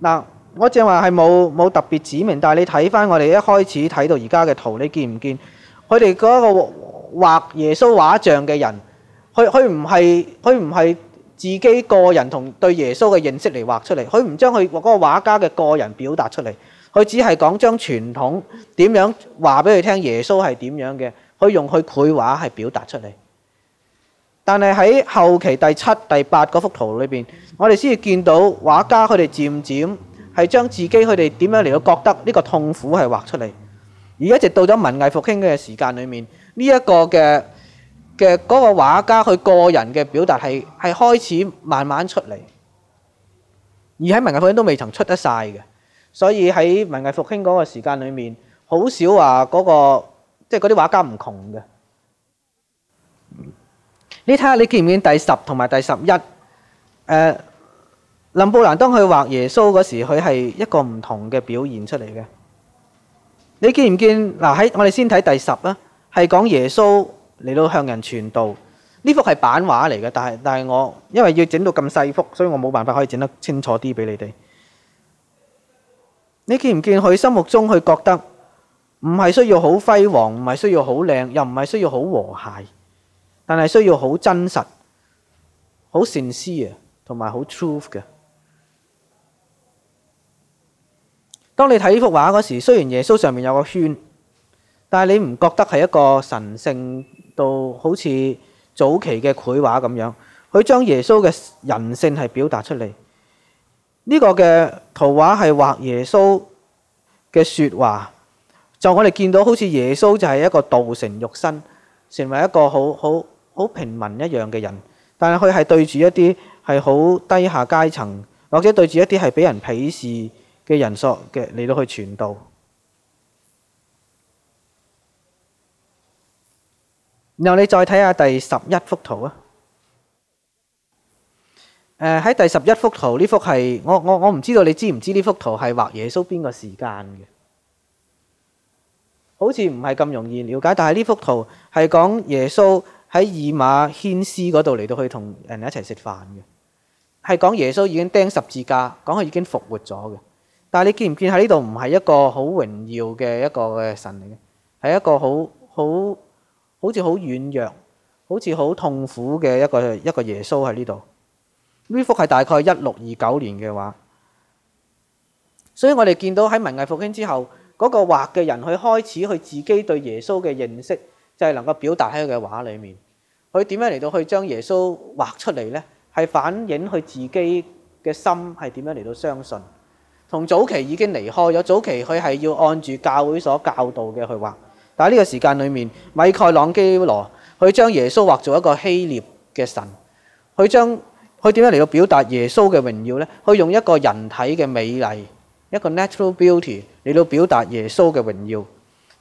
嗱，我正話係冇冇特別指明，但係你睇翻我哋一開始睇到而家嘅圖，你見唔見？佢哋嗰個畫耶穌畫像嘅人，佢佢唔係佢唔係自己個人同對耶穌嘅認識嚟畫出嚟，佢唔將佢嗰個畫家嘅個人表達出嚟，佢只係講將傳統點樣話俾佢聽耶穌係點樣嘅，佢用佢繪畫係表達出嚟。但係喺後期第七、第八嗰幅圖裏邊，我哋先至見到畫家佢哋漸漸係將自己佢哋點樣嚟到覺得呢個痛苦係畫出嚟。而一直到咗文藝復興嘅時間裏面，呢一個嘅嘅嗰個畫家佢個人嘅表達係係開始慢慢出嚟，而喺文藝復興都未曾出得晒嘅。所以喺文藝復興嗰個時間裏面，好少話嗰個即係嗰啲畫家唔窮嘅。你睇下，你見唔見第十同埋第十一？誒、呃，林布蘭當佢畫耶穌嗰時，佢係一個唔同嘅表現出嚟嘅。你見唔見嗱？喺、啊、我哋先睇第十啊，係講耶穌嚟到向人傳道。呢幅係版畫嚟嘅，但係但係我因為要整到咁細幅，所以我冇辦法可以整得清楚啲俾你哋。你見唔見佢心目中佢覺得唔係需要好輝煌，唔係需要好靚，又唔係需要好和諧。但係需要好真實、好善思啊，同埋好 truth 嘅。當你睇呢幅畫嗰時，雖然耶穌上面有個圈，但係你唔覺得係一個神聖到好似早期嘅繪畫咁樣，佢將耶穌嘅人性係表達出嚟。呢個嘅圖畫係畫耶穌嘅說話，就我哋見到好似耶穌就係一個道成肉身，成為一個好好。好平民一樣嘅人，但係佢係對住一啲係好低下階層，或者對住一啲係俾人鄙視嘅人數嘅嚟到去傳道。然後你再睇下第十一幅圖啊。誒，喺第十一幅圖呢幅係我我我唔知道你知唔知呢幅圖係畫耶穌邊個時間嘅？好似唔係咁容易了解，但係呢幅圖係講耶穌。喺以馬忤斯嗰度嚟到去同人哋一齊食飯嘅，係講耶穌已經釘十字架，講佢已經復活咗嘅。但係你見唔見喺呢度唔係一個好榮耀嘅一個嘅神嚟嘅，係一個好好好似好軟弱、好似好痛苦嘅一個一個耶穌喺呢度。呢幅係大概一六二九年嘅畫，所以我哋見到喺文藝復興之後，嗰個畫嘅人佢開始佢自己對耶穌嘅認識。就係能夠表達喺佢嘅畫裏面，佢點樣嚟到去將耶穌畫出嚟呢？係反映佢自己嘅心係點樣嚟到相信，同早期已經離開咗，早期佢係要按住教會所教導嘅去畫。但喺呢個時間裏面，米蓋朗基羅去將耶穌畫做一個希臘嘅神。佢將佢點樣嚟到表達耶穌嘅榮耀呢？去用一個人體嘅美麗一個 natural beauty 嚟到表達耶穌嘅榮耀。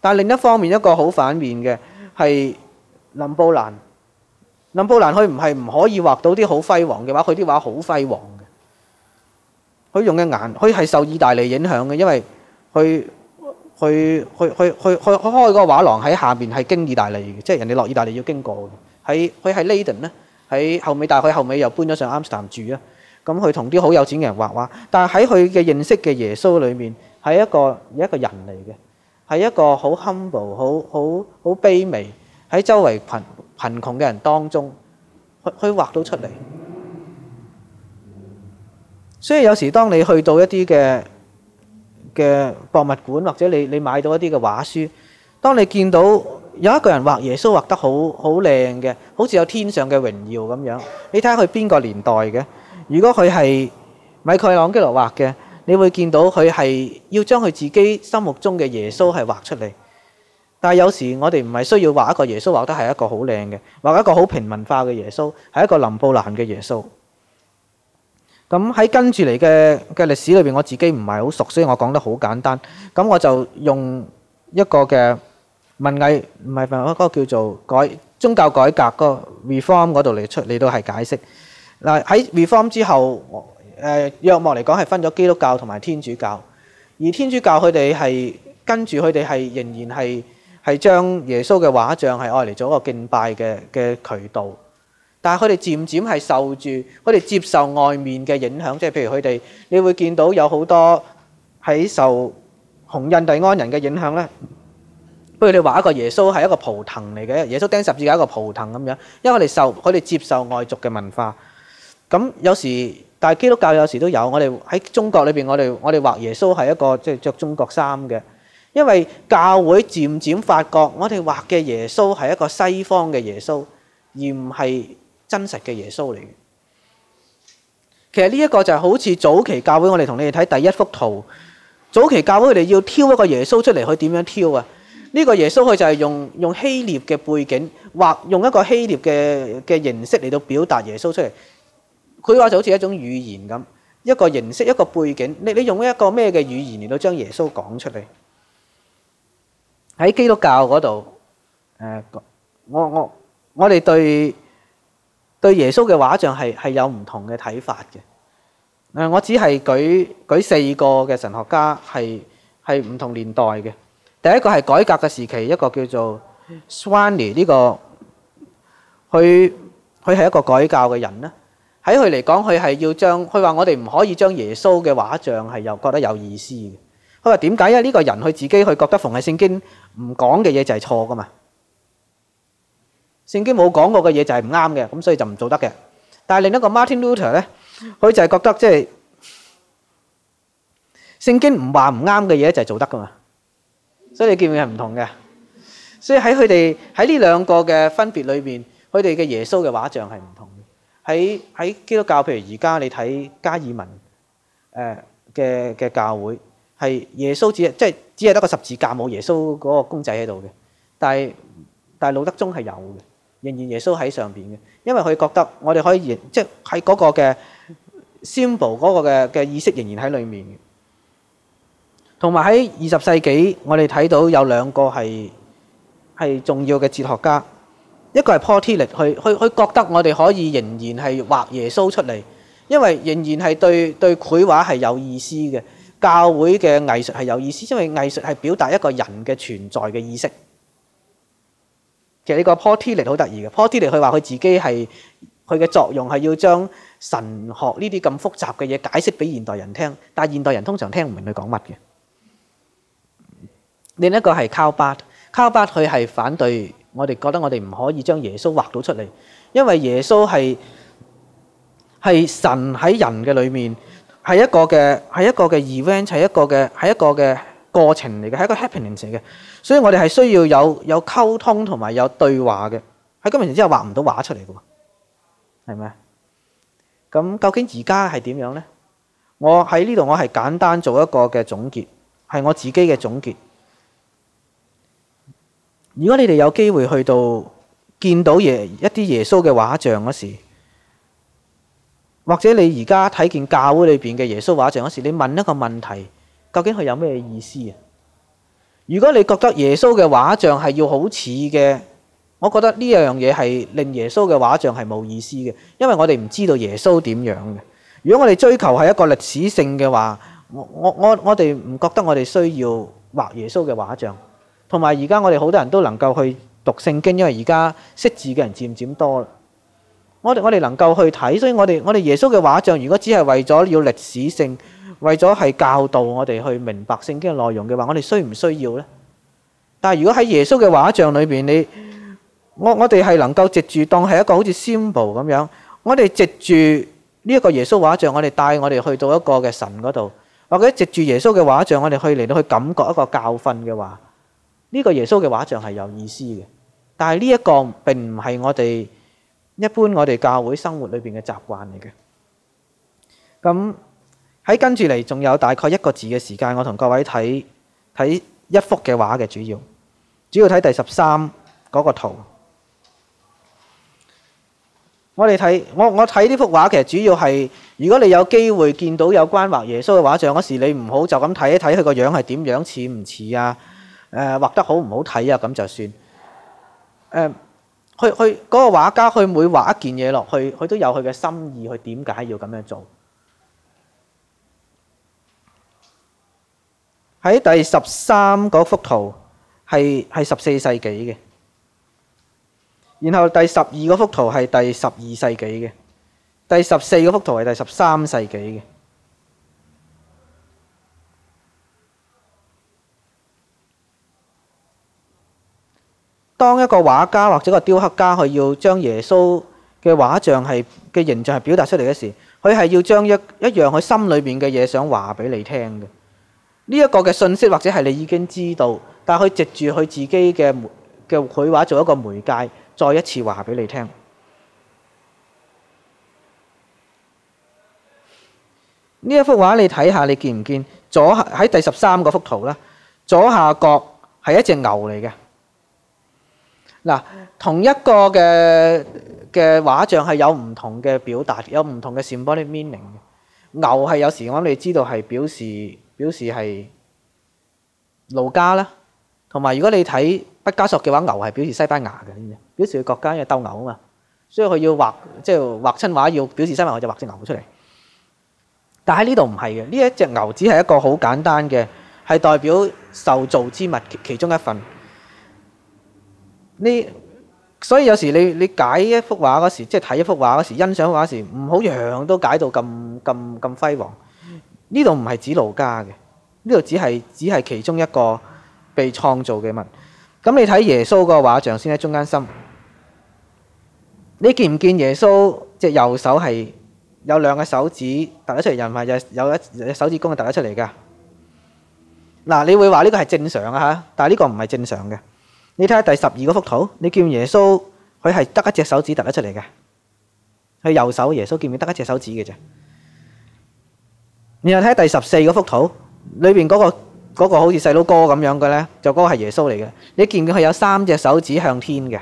但係另一方面一個好反面嘅。係林布蘭，林布蘭佢唔係唔可以畫到啲好輝煌嘅話，佢啲畫好輝煌嘅。佢用嘅顏，佢係受意大利影響嘅，因為佢佢佢佢佢佢開個畫廊喺下邊係經意大利嘅，即係人哋落意大利要經過嘅。喺佢喺 Leiden 咧，喺後尾，但係佢後尾又搬咗上 Amsterdam 住啊。咁佢同啲好有錢嘅人畫畫，但係喺佢嘅認識嘅耶穌裡面，係一個一個人嚟嘅。係一個好 humble，好好好卑微，喺周圍貧貧窮嘅人當中，去去畫到出嚟。所以有時當你去到一啲嘅嘅博物館，或者你你買到一啲嘅畫書，當你見到有一個人畫耶穌畫得好好靚嘅，好似有天上嘅榮耀咁樣，你睇下佢邊個年代嘅？如果佢係米開朗基羅畫嘅。你會見到佢係要將佢自己心目中嘅耶穌係畫出嚟，但係有時我哋唔係需要畫一個耶穌畫得係一個好靚嘅，畫一個好平民化嘅耶穌，係一個林布蘭嘅耶穌。咁喺跟住嚟嘅嘅歷史裏邊，我自己唔係好熟，所以我講得好簡單。咁我就用一個嘅文藝唔係文藝嗰個叫做改宗教改革嗰個 reform 嗰度嚟出嚟，都係解釋嗱喺 reform 之後。誒約莫嚟講係分咗基督教同埋天主教，而天主教佢哋係跟住佢哋係仍然係係將耶穌嘅畫像係愛嚟做一個敬拜嘅嘅渠道，但係佢哋漸漸係受住佢哋接受外面嘅影響，即係譬如佢哋你會見到有好多喺受紅印第安人嘅影響咧，不如你畫一個耶穌係一個圖騰嚟嘅，耶穌釘十字架一個圖騰咁樣，因為我哋受佢哋接受外族嘅文化，咁有時。但係基督教有時都有，我哋喺中國裏面，我哋我哋畫耶穌係一個即係著中國衫嘅，因為教會漸漸發覺，我哋畫嘅耶穌係一個西方嘅耶穌，而唔係真實嘅耶穌嚟。其實呢一個就係好似早期教會，我哋同你哋睇第一幅圖，早期教會佢哋要挑一個耶穌出嚟，佢點樣挑啊？呢個耶穌佢就係用用希臘嘅背景畫，用一個希臘嘅嘅形式嚟到表達耶穌出嚟。佢話就好似一種語言咁，一個形式，一個背景。你你用一個咩嘅語言嚟到將耶穌講出嚟？喺基督教嗰度，誒，我我我哋對對耶穌嘅畫像係係有唔同嘅睇法嘅。誒，我只係舉舉四個嘅神學家，係係唔同年代嘅。第一個係改革嘅時期，一個叫做 Swanny 呢個，佢佢係一個改教嘅人啦。喺佢嚟講，佢係要將佢話我哋唔可以將耶穌嘅畫像係又覺得有意思嘅。佢話點解？因為呢個人佢自己佢覺得逢係聖經唔講嘅嘢就係錯噶嘛。聖經冇講過嘅嘢就係唔啱嘅，咁所以就唔做得嘅。但係另一個 Martin Luther 咧，佢就係覺得即係聖經唔話唔啱嘅嘢咧就係做得噶嘛。所以你見唔見係唔同嘅？所以喺佢哋喺呢兩個嘅分別裏邊，佢哋嘅耶穌嘅畫像係唔同。喺喺基督教，譬如而家你睇加爾文，誒嘅嘅教會係耶穌只即係只係得個十字架冇耶穌嗰個公仔喺度嘅，但係但係路德宗係有嘅，仍然耶穌喺上邊嘅，因為佢覺得我哋可以即係喺嗰個嘅 symbol 嗰個嘅嘅意識仍然喺裡面嘅，同埋喺二十世紀我哋睇到有兩個係係重要嘅哲學家。一個係 Paul Tillich，佢佢佢覺得我哋可以仍然係畫耶穌出嚟，因為仍然係對對繪畫係有意思嘅。教會嘅藝術係有意思，因為藝術係表達一個人嘅存在嘅意識。其實呢個 Paul Tillich 好得意嘅，Paul Tillich 佢話佢自己係佢嘅作用係要將神學呢啲咁複雜嘅嘢解釋俾現代人聽，但係現代人通常聽唔明佢講乜嘅。另一個係 Karl Barth，Karl Barth 佢係反對。我哋覺得我哋唔可以將耶穌畫到出嚟，因為耶穌係係神喺人嘅裏面，係一個嘅係一個嘅 event，係一個嘅係一個嘅過程嚟嘅，係一個 happening 嚟嘅。所以我哋係需要有有溝通同埋有對話嘅。喺咁樣之後畫唔到畫出嚟嘅喎，係咪？咁究竟而家係點樣咧？我喺呢度我係簡單做一個嘅總結，係我自己嘅總結。如果你哋有機會去到見到耶一啲耶穌嘅畫像嗰時，或者你而家睇見教會裏邊嘅耶穌畫像嗰時，你問一個問題：究竟佢有咩意思啊？如果你覺得耶穌嘅畫像係要好似嘅，我覺得呢樣嘢係令耶穌嘅畫像係冇意思嘅，因為我哋唔知道耶穌點樣嘅。如果我哋追求係一個歷史性嘅話，我我我我哋唔覺得我哋需要畫耶穌嘅畫像。同埋而家我哋好多人都能夠去讀聖經，因為而家識字嘅人漸漸多啦。我哋我哋能夠去睇，所以我哋我哋耶穌嘅畫像，如果只係為咗要歷史性，為咗係教導我哋去明白聖經嘅內容嘅話，我哋需唔需要呢？但係如果喺耶穌嘅畫像裏邊，你我我哋係能夠藉住當係一個好似 symbol 咁樣，我哋藉住呢一個耶穌畫像，我哋帶我哋去到一個嘅神嗰度，或者藉住耶穌嘅畫像，我哋去嚟到去感覺一個教訓嘅話。呢個耶穌嘅畫像係有意思嘅，但係呢一個並唔係我哋一般我哋教會生活裏邊嘅習慣嚟嘅。咁喺跟住嚟，仲有大概一個字嘅時間，我同各位睇睇一幅嘅畫嘅主要，主要睇第十三嗰個圖。我哋睇我我睇呢幅畫，其實主要係如果你有機會見到有關畫耶穌嘅畫像嗰時你看看，你唔好就咁睇一睇佢個樣係點樣似唔似啊？誒畫得好唔好睇啊？咁就算。誒，佢佢嗰個畫家，佢每畫一件嘢落去，佢都有佢嘅心意，佢點解要咁樣做？喺第十三嗰幅圖係係十四世紀嘅，然後第十二嗰幅圖係第十二世紀嘅，第十四嗰幅圖係第十三世紀嘅。當一個畫家或者個雕刻家，佢要將耶穌嘅畫像係嘅形象係表達出嚟嘅時，佢係要將一一樣佢心裏面嘅嘢想話俾你聽嘅。呢一個嘅信息或者係你已經知道，但係佢藉住佢自己嘅嘅繪畫做一個媒介，再一次話俾你聽。呢一幅畫你睇下，你見唔見？左喺第十三嗰幅圖啦，左下角係一隻牛嚟嘅。嗱，同一個嘅嘅畫像係有唔同嘅表達，有唔同嘅 symbolic meaning 嘅。牛係有時我諗你知道係表示表示係路加啦，同埋如果你睇畢加索嘅話，牛係表示西班牙嘅，表示佢國家因為鬥牛啊嘛，所以佢要畫即係、就是、畫親畫要表示西班牙，就畫隻牛出嚟。但喺呢度唔係嘅，呢一隻牛只係一個好簡單嘅，係代表受造之物其中一份。你所以有時你你解一幅畫嗰時，即係睇一幅畫嗰時，欣賞畫嗰時，唔好樣樣都解到咁咁咁輝煌。呢度唔係指盧家嘅，呢度只係只係其中一個被創造嘅物。咁你睇耶穌個畫像先喺中間心。你見唔見耶穌隻右手係有兩個手指突咗出嚟，又唔係有一隻手指公係突咗出嚟㗎？嗱，你會話呢個係正常啊嚇，但係呢個唔係正常嘅。你睇下第十二嗰幅圖，你見耶穌佢係得一隻手指突咗出嚟嘅，佢右手耶穌，見唔見得一隻手指嘅啫？然後睇下第十四嗰幅圖，裏邊嗰個嗰個好似細佬哥咁樣嘅咧，就嗰個係耶穌嚟嘅。你見唔見佢有三隻手指向天嘅？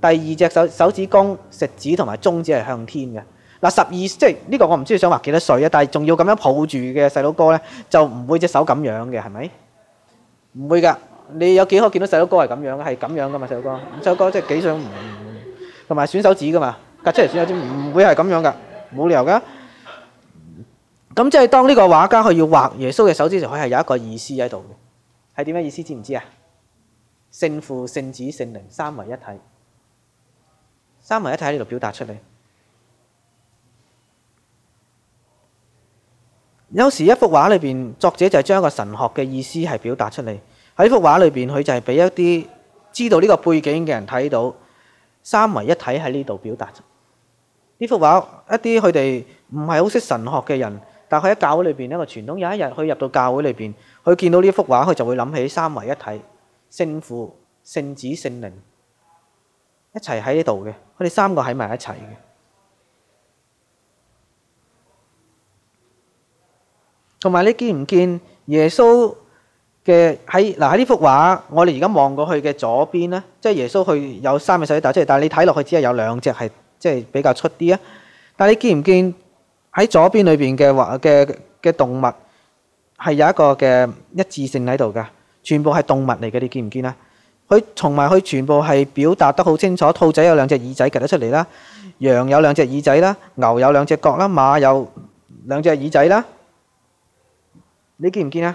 第二隻手，手指公、食指、同埋中指係向天嘅。嗱，十二，即係呢個我唔知你想畫幾多歲啊，但係仲要咁樣抱住嘅細佬哥咧，就唔會隻手咁樣嘅，係咪？唔會噶。你有幾可見到細佬哥係咁樣的？係咁樣噶嘛？細佬哥，細佬哥即係幾想唔同埋選手指噶嘛？隔出嚟選手指唔會係咁樣噶，冇理由噶。咁即係當呢個畫家佢要畫耶穌嘅手指時，佢係有一個意思喺度嘅，係點樣意思？知唔知啊？聖父、聖子、聖靈三位一體，三位一體喺呢度表達出嚟。有時一幅畫裏邊，作者就係將一個神學嘅意思係表達出嚟。喺幅畫裏邊，佢就係俾一啲知道呢個背景嘅人睇到，三位一體喺呢度表達。呢幅畫一啲佢哋唔係好識神學嘅人，但係佢喺教會裏邊一個傳統，有一日佢入到教會裏邊，佢見到呢幅畫，佢就會諗起三位一體，聖父、聖子、聖靈一齊喺呢度嘅，佢哋三個喺埋一齊嘅。同埋你見唔見耶穌？嘅喺，嗱，喺呢幅畫，我哋而家望過去嘅左邊咧，即係耶穌佢有三隻手出嚟，但係你睇落去只係有兩隻係即係比較出啲啊。但係你見唔見喺左邊裏邊嘅畫嘅嘅動物係有一個嘅一致性喺度㗎，全部係動物嚟嘅，你見唔見啊？佢同埋佢全部係表達得好清楚，兔仔有兩隻耳仔夾得出嚟啦，羊有兩隻耳仔啦，牛有兩隻角啦，馬有兩隻耳仔啦，你見唔見啊？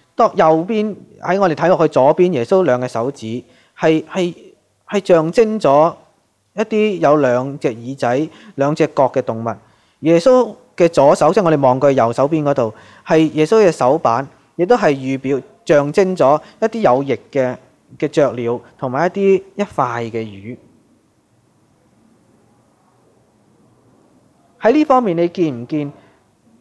右邊喺我哋睇落去左邊，左邊耶穌兩隻手指係係係象徵咗一啲有兩隻耳仔、兩隻角嘅動物。耶穌嘅左手即係、就是、我哋望佢右手邊嗰度，係耶穌嘅手板，亦都係預表象徵咗一啲有翼嘅嘅雀鳥同埋一啲一塊嘅魚。喺呢方面，你見唔見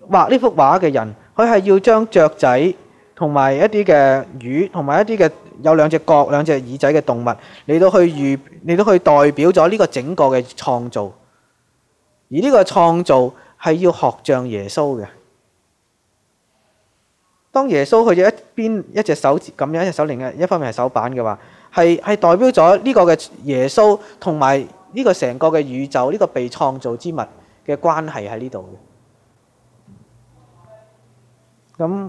畫呢幅畫嘅人？佢係要將雀仔。同埋一啲嘅魚，同埋一啲嘅有兩隻角、兩隻耳仔嘅動物，嚟到去喻，嚟到去代表咗呢個整個嘅創造。而呢個創造係要學像耶穌嘅。當耶穌去咗一邊，一隻手指咁樣，一隻手另嘅，一方面係手板嘅話，係係代表咗呢個嘅耶穌同埋呢個成個嘅宇宙，呢、這個被創造之物嘅關係喺呢度嘅。咁。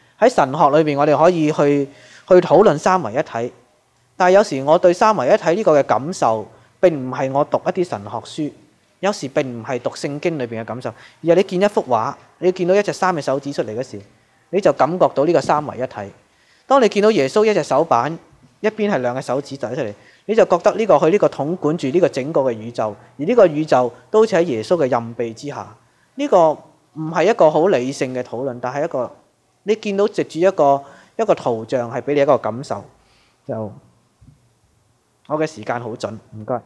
喺神學裏邊，我哋可以去去討論三位一體，但係有時我對三位一體呢個嘅感受並唔係我讀一啲神學書，有時並唔係讀聖經裏邊嘅感受，而係你見一幅畫，你見到一隻三隻手指出嚟嗰時，你就感覺到呢個三位一體。當你見到耶穌一隻手板，一邊係兩隻手指仔出嚟，你就覺得呢個佢呢個統管住呢個整個嘅宇宙，而呢個宇宙都好似喺耶穌嘅蔭庇之下。呢、呢個唔係一個好理性嘅討論，但係一個。你見到藉住一個一個圖像係畀你一個感受，就我嘅時間好準，唔該。